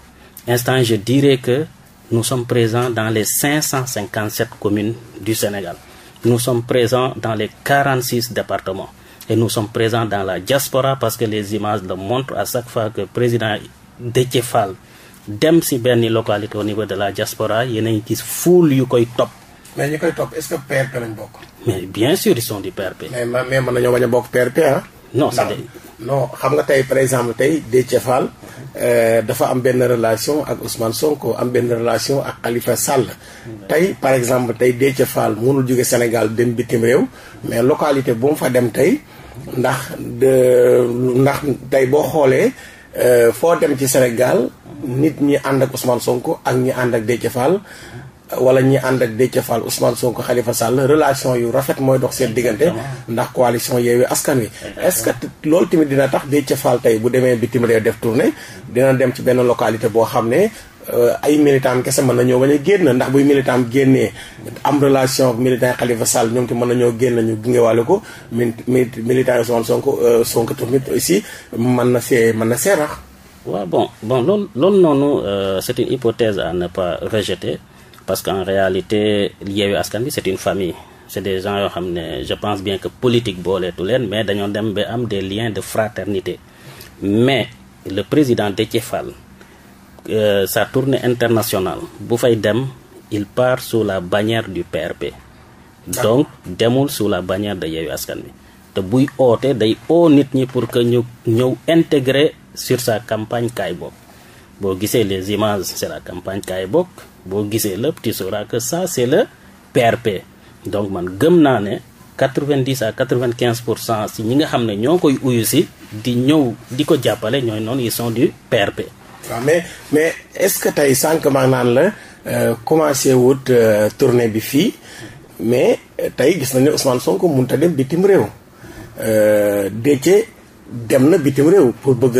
instant je dirais que nous sommes présents dans les 557 communes du Sénégal nous sommes présent dans les 46 départements et nous sommes présent dans la diaspora parce que les images le montrent à chaque fois que président Déthié Fall dem si benn localité au niveau de la diaspora yenañ gis foule yu koy topp. mais ñi koy topp est-ce que PRP lañ bokk. mais bien sûr ils sont du PRP. mais mais mën nañoo bañ non non xam nga tey par exemple tey Déthié Fall euh, dafa am benn relation ak Ousmane Sonko am benn relation ak Khalifa Sall. tey par exemple tey Déthié Fall mënul jóge Sénégal dem bitim réew. mais localité bu mu fa dem tey ndax ndax tey boo xoolee euh, foo dem ci Sénégal. nit ñi ànd ak Ousmane Sonko ak ñi ànd ak Déthié Fall. wala ñi ànd ak Déthié Fall Ousmane Sonko xalifa Sall relation yu rafet mooy dox seen diggante ndax coalition Yewwi Askan Wi est-ce que loolu tamit dina tax Déthié Fall tey bu demee bitim réew def tournée dina dem ci benn localité boo xam ne euh, ay militant kese mën nañoo bañ a génn ndax buy militant génnee am relation ak militant Khalifa Sall ñoom te mën nañoo na ñu gungewaale ko mi militant Ousmane Sonko euh, Sonko tamit aussi mën na see mën na seerax waaw bon bon loolu loolu noonu euh, c'est une hypothèse à ne pas rejeter parce qu'en réalité Yewwi Askan bi c'est une famille c'est des gens yoo xam ne je pense bien que politique booleetu leen mais dañoo dem ba am des lien de fraternité mais le président Déthié Fall euh, sa tournée internationale bu fay dem il part su la bannière du PRP donc demul sous la bannière de Yewwi Askan Wi te buy oote day oo nit ñi pour que ñu ñëw intégrer sur sa campagne kaay bokk boo gisee les images c'est la campagne kaay bokk boo gisee lépp tu sauras que ça c'est le PRP donc man gëm naa ne quatre vingt quinze pour cent si ñi nga xam ne ñoo koy uyu si di ñëw di ko jàppale ñooy noonu ils sont du PRP. waaw mais mais est-ce que tey sànq maa naan la euh, commencé wut euh, tournée bi fii mais euh, tey gis nañu ne soo ko mënut a dem bitim réew. Déthié dem na bitim réew pour bëgg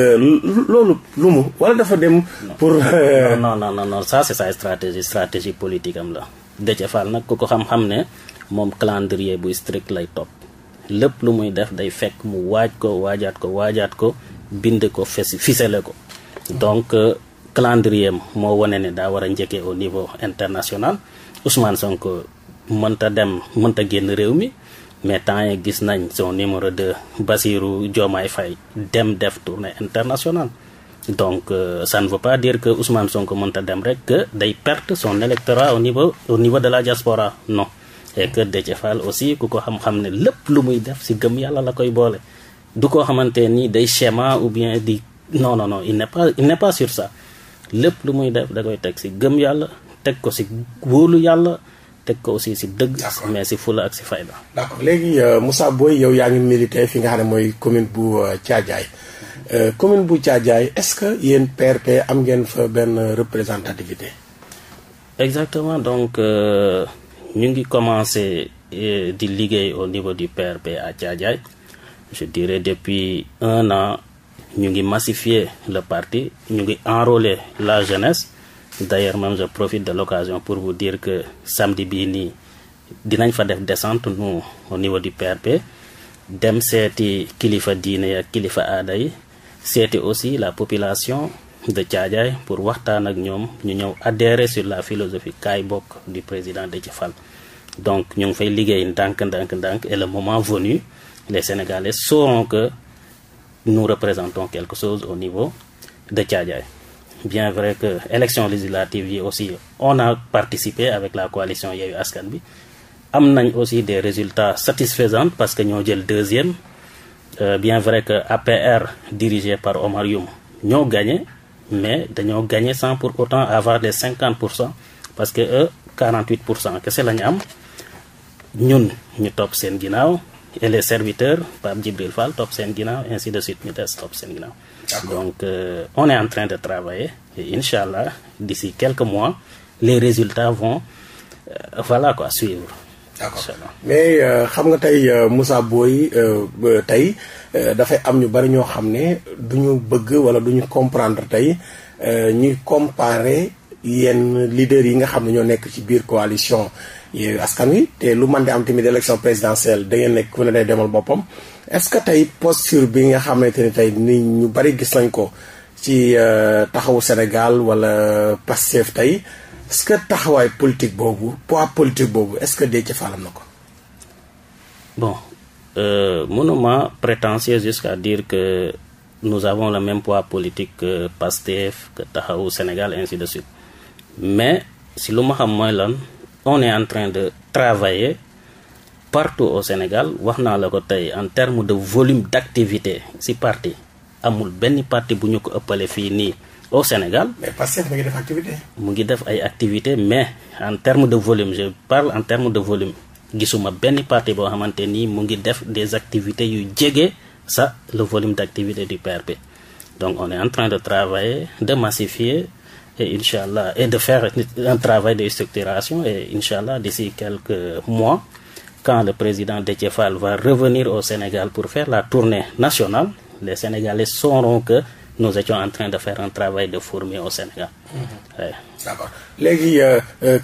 loolu lu mu wala dafa dem. pour euh, non non non non ça c'est sa stratégie stratégie politique am la. Déthié nag ku ko xam-xam ne moom clandrier bu strict lay topp lépp lu muy def day fekk mu waaj ko waajaat ko waajaat ko bind ko fes fisele ko. donc euh, calendrier moo wane ne daa war a njëkkee au niveau international Ousmane sonk mënta dem mënta génn réew mi. mais temps yi gis nañ son numéro de Bassirou Diomaye Faye dem def tournée internationale donc euh, ça ne veut pas dire que Ousmane Sonko mënta dem rek que day perte son électorat au niveau au niveau de la diaspora no et que Déthié Fall aussi ku ko xam-xam ne lépp lu muy def si gëm yàlla la koy boole du ko xamante nii day schéma ou bien di non non non il n'est pas il n'est pas sur ça lépp lu muy def da koy teg si gëm yàlla teg ko si wóolu yàlla teg ko aussi si dëgg. mais si fula ak si fayda. d' accord léegi euh, Moussa Boye yow yaa ngi milité fi nga xam ne mooy commune bu euh, Thiadiaye euh, commune bu Thiadiaye est ce que yéen PRP am ngeen benn représentativité. exactement donc ñu ngi commencé di liggéey au niveau du PRP à Thiadiaye je dirais depuis un an ñu ngi massifier le parti ñu ngi enrôler la jeunesse. d'ailleurs même je profite de l'occasion pour vous dire que samedi bii nii dinañ fa def descente nous au niveau du PRP dem seeti kilifa diine ak kilifa aada yi seeti aussi la population de Thiadiaye pour waxtaan ak ñoom ñu ñëw adhérer sur la philosophie kaay bokk du président Déthié fal donc ñu ngi fay liggéey ndànk ndànk ndànk et le moment venu les Sénégalais sauront que nu représentons quelque chose au niveau de Thiadiaye bien vrai que élection législative yi aussi on a participer avec la coalition Yewwi Askan bi am nañ aussi des résultats satisfaisants parce que ñoo jël deuxième euh, bien vrai que APR dirigé par Omar ñoo gagné mais dañoo gagné cent pour autant avoir les cinquante pour cent parce que eux quarante pour cent kese la ñu am ñun ñu topp seen ginnaaw et les serviteurs Pape Djibril Fall topp seen ginnaaw ainsi de suite ñu des topp seen ginnaaw Donc, euh, on est en train de travailler. Et Inch'Allah, d'ici quelques mois, les résultats von euh, voilà quoi, suivre. mais euh, xam nga tey euh, Moussa Boye euh, tey dafay am ñu bari ñoo xam ne du ñu bëgg wala du ñu comprendre tey ñuy comparer yenn leaders yi nga xam ne ñoo nekk ci biir coalition. yeewu askan wi te lu man de am tamit élection présidentielle da ngeen nekk ku ne day demal boppam est-ce que tey posture bi nga xamante ni tey ni ñu bari gis nañ ko ci euh, taxawu Sénégal wala euh, Pastef tey est-ce que taxawaay politique boobu poids politique boobu est-ce que dee ci faalam na ko bon euh, mënuma prétentieux à dire que nous avons le même poids politique que Pastef que Taxawu Sénégal ainsi de suite mais si lu ma xam mooy lan on est en train de travailler partout au Sénégal wax naa la ko tey en terme de volume d'activité ci parti amul benn parti bu ñu ko ëppale fii nii au Sénégal. mais Pastef mu ngi def mu ngi def ay activités mais en terme de volume je parle en terme de volume gisuma benn parti boo xamante nii mu ngi def des activités yu jege sax le volume d'activité du PRP donc on est en train de travailler de massifier. et Inch'Allah, et de faire un travail de structuration et Inch'Allah, d'ici quelques mois, quand le président Détiefal va revenir au Sénégal pour faire la tournée nationale, les Sénégalais sauront que nous étions en train de faire un travail de fourmi au Sénégal. Mhm. Euh, euh,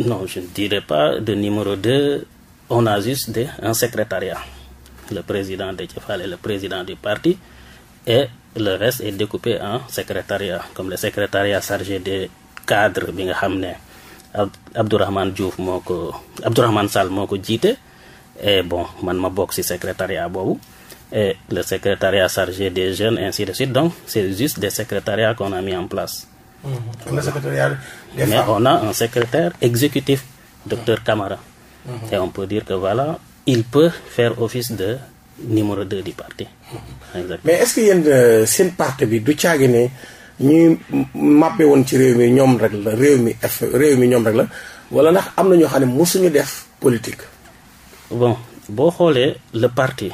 non je ne dirais pas de numéro 2 on a juste de, un secrétariat le président Déthié Fall est le président du parti et le reste est découpé en secrétariat comme le secrétariat chargé des cadres bi nga xam ne Abdourahmane Diouf moo ko Abdourahmane Sall moo ko jiite et bon man ma bokk ci secrétariat boobu et le secrétariat chargé des jeunes ainsi de suite donc c'est juste des secrétariats qu'on a mis en place mmh. mais on a un secrétaire exécutif docteur Camara mmh. Mmh. et on peut dire que voilà il peut faire office de numéro 2 du parti. mais est-ce euh, seen parti bi du caagi ne ñuy mappé woon ci réew mi ñoom rek la réew mi réew mi ñoom rek la wala ndax am na ñoo xam ne suñu def politique. bon boo xoolee le parti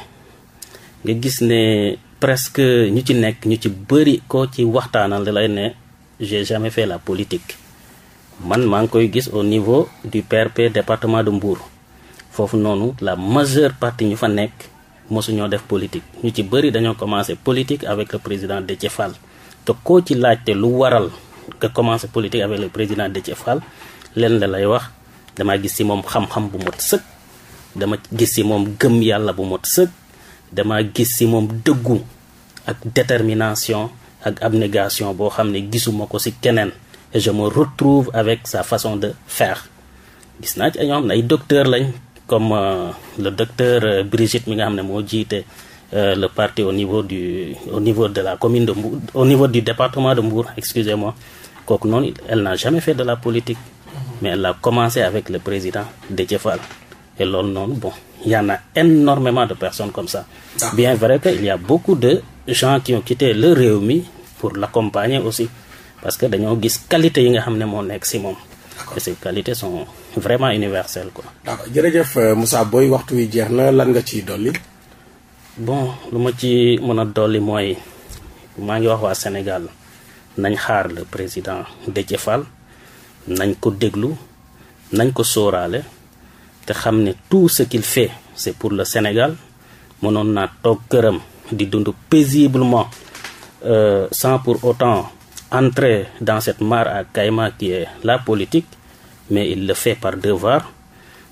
nga gis ne presque ñu ci nekk ñu ci bëri ko ci waxtaanal da lay ne j'ai jamais fait la politique man maa ngi koy gis au niveau du PRP département de Mbour foofu noonu la majeure partie ñu fa nekk. mosuñoo def politique ñu ci bëri dañoo commencé politique avec le président Déthié Fall te koo ci laajte lu waral nga commencé politique avec le président de Fall leen la lay wax dama gis ci moom xam-xam bu mot sëkk dama gis ci moom gëm yàlla bu mot sëkk dama gis ci moom dëggu ak détermination ak abnégation boo xam ne gisuma ko ci keneen et je me retrouve avec sa façon de faire gis naa ci ay ñoo xam ne ay docteur lañ comme euh, le docteur euh, Brigitte mi nga xam ne moo jiite euh, le parti au niveau du au niveau de la commune de Mbour au niveau du département de Mbour excusez-moi kooku noonu elle n'a jamais fait de la politique mais elle a commencé avec le président Déthié Fall et loolu noonu bon il y en a énormément de personnes comme ça ah. bien vrai que il y beaucoup de gens qui ont quitté le Rewmi pour l'accompagner aussi parce que dañoo gis qualité yi nga xam ne moo nekk ci moom et ces qualités sont vraiment universel ko d'accord jërëjëf euh, Moussa Boye waxtu wi jeex na lan nga ciy dolli. bon lu ma ci mën a dolli mooy maa ngi wax waa Sénégal nañ xaar le président Déthié Fall nañ ko déglu nañ ko sóoraale te xam ne tout ce qu'il fait c'est pour le Sénégal mënoon naa toog këram di dund paisiblement euh, sans pour autant entrer dans cette mar à caïman qui la politique mais il le fait par devoir,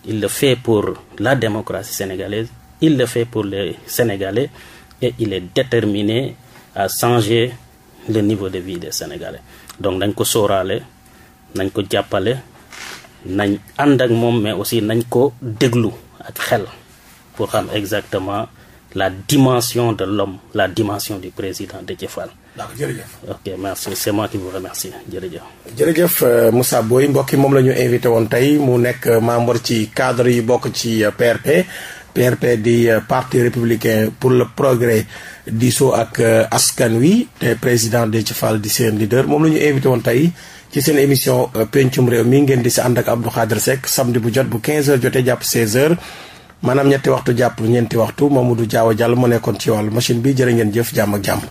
il le fait pour la démocratie sénégalaise, il le fait pour les Sénégalais et il est déterminé à changer le niveau de vie des Sénégalais. donc nañ ko sóoraale nañ ko jàppale nañ ànd ak moom mais aussi nañ ko déglu ak xel pour xam exactement la dimension de l'homme la dimension du président de Fall d'accord jërëjëf. ok merci c'est jërëjëf. jërëjëf euh, Moussa Boye mbokk yi moom la ñu invité woon tey mu nekk euh, membre ci cadre yi bokk ci euh, PRP PRP di parti républicain pour le progrès diisoo ak askan wi te président Déthié Fall di seen leader moom la ñu invité woon tey ci seen émission pencum réew mi ngeen di si ànd ak Abdou Khadre Seck samedi bu jot bu 15h jotee jàpp 16h. maanaam ñetti waxtu jàpp ñeenti waxtu Mamadou Diaw Diallo mu nekkoon ci wàllu machine bi jërë ngeen jëf jàmm ak jàmm.